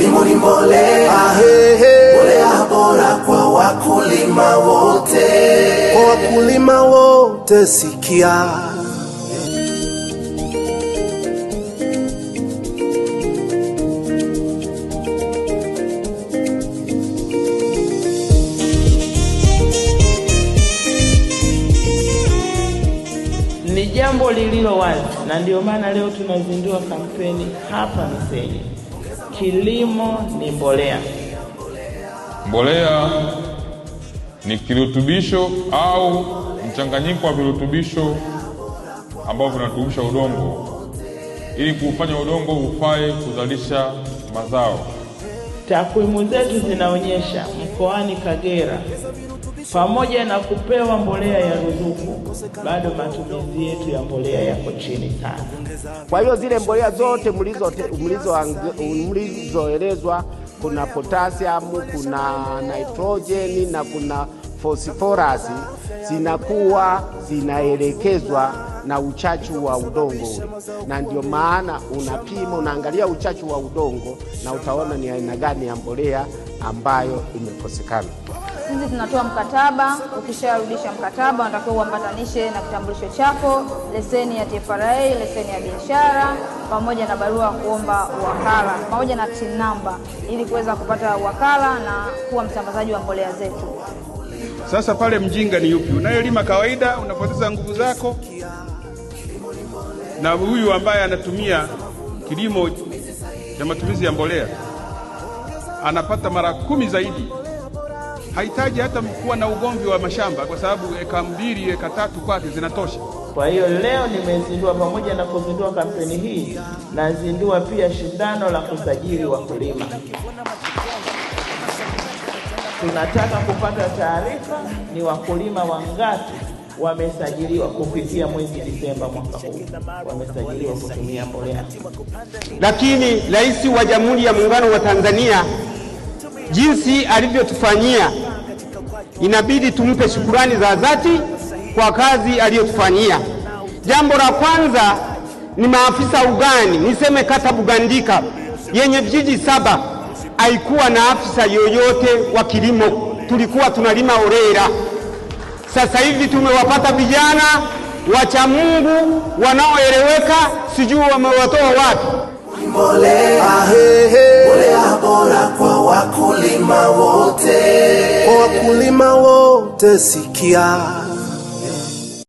Kilimo ni mbolea, kwa wakulima wote, kwa wakulima wote. Sikia ni jambo lililo wazi, na ndio maana leo tunazindua kampeni hapa Missenyi kilimo ni mbolea. Mbolea ni kirutubisho au mchanganyiko wa virutubisho ambavyo vinatubisha udongo ili kuufanya udongo ufae kuzalisha mazao. Takwimu zetu zinaonyesha mkoani Kagera pamoja na kupewa mbolea ya ruzuku, bado matumizi yetu ya mbolea yako chini sana. Kwa hiyo zile mbolea zote mlizoelezwa, kuna potasiamu, kuna nitrojeni na kuna fosforasi, zinakuwa zinaelekezwa na uchachu wa udongo ule, na ndio maana unapima, unaangalia uchachu wa udongo na utaona ni aina gani ya mbolea ambayo imekosekana sisi tunatoa mkataba. Ukisharudisha mkataba, unatakiwa uambatanishe na kitambulisho chako, leseni ya TFRA, leseni ya biashara, pamoja na barua ya kuomba wakala, pamoja na TIN namba, ili kuweza kupata wakala na kuwa msambazaji wa mbolea zetu. Sasa pale mjinga ni yupi? Unayelima kawaida, unapoteza nguvu zako, na huyu ambaye anatumia kilimo cha matumizi ya mbolea anapata mara kumi zaidi haitaji hata kuwa na ugomvi wa mashamba, kwa sababu eka mbili eka tatu kwake zinatosha. Kwa hiyo leo nimezindua, pamoja na kuzindua kampeni hii, nazindua pia shindano la kusajili wakulima. Tunataka kupata taarifa ni wakulima wangapi wamesajiliwa kupitia mwezi Disemba mwaka huu, wamesajiliwa kutumia mbolea. Lakini Rais wa Jamhuri ya Muungano wa Tanzania jinsi alivyotufanyia inabidi tumpe shukurani za dhati kwa kazi aliyotufanyia. Jambo la kwanza ni maafisa ugani, niseme kata Bugandika yenye vijiji saba haikuwa na afisa yoyote wa kilimo, tulikuwa tunalima orera. Sasa hivi tumewapata vijana wacha Mungu wanaoeleweka, sijui wamewatoa wapi wakulima wote, wakulima wote sikia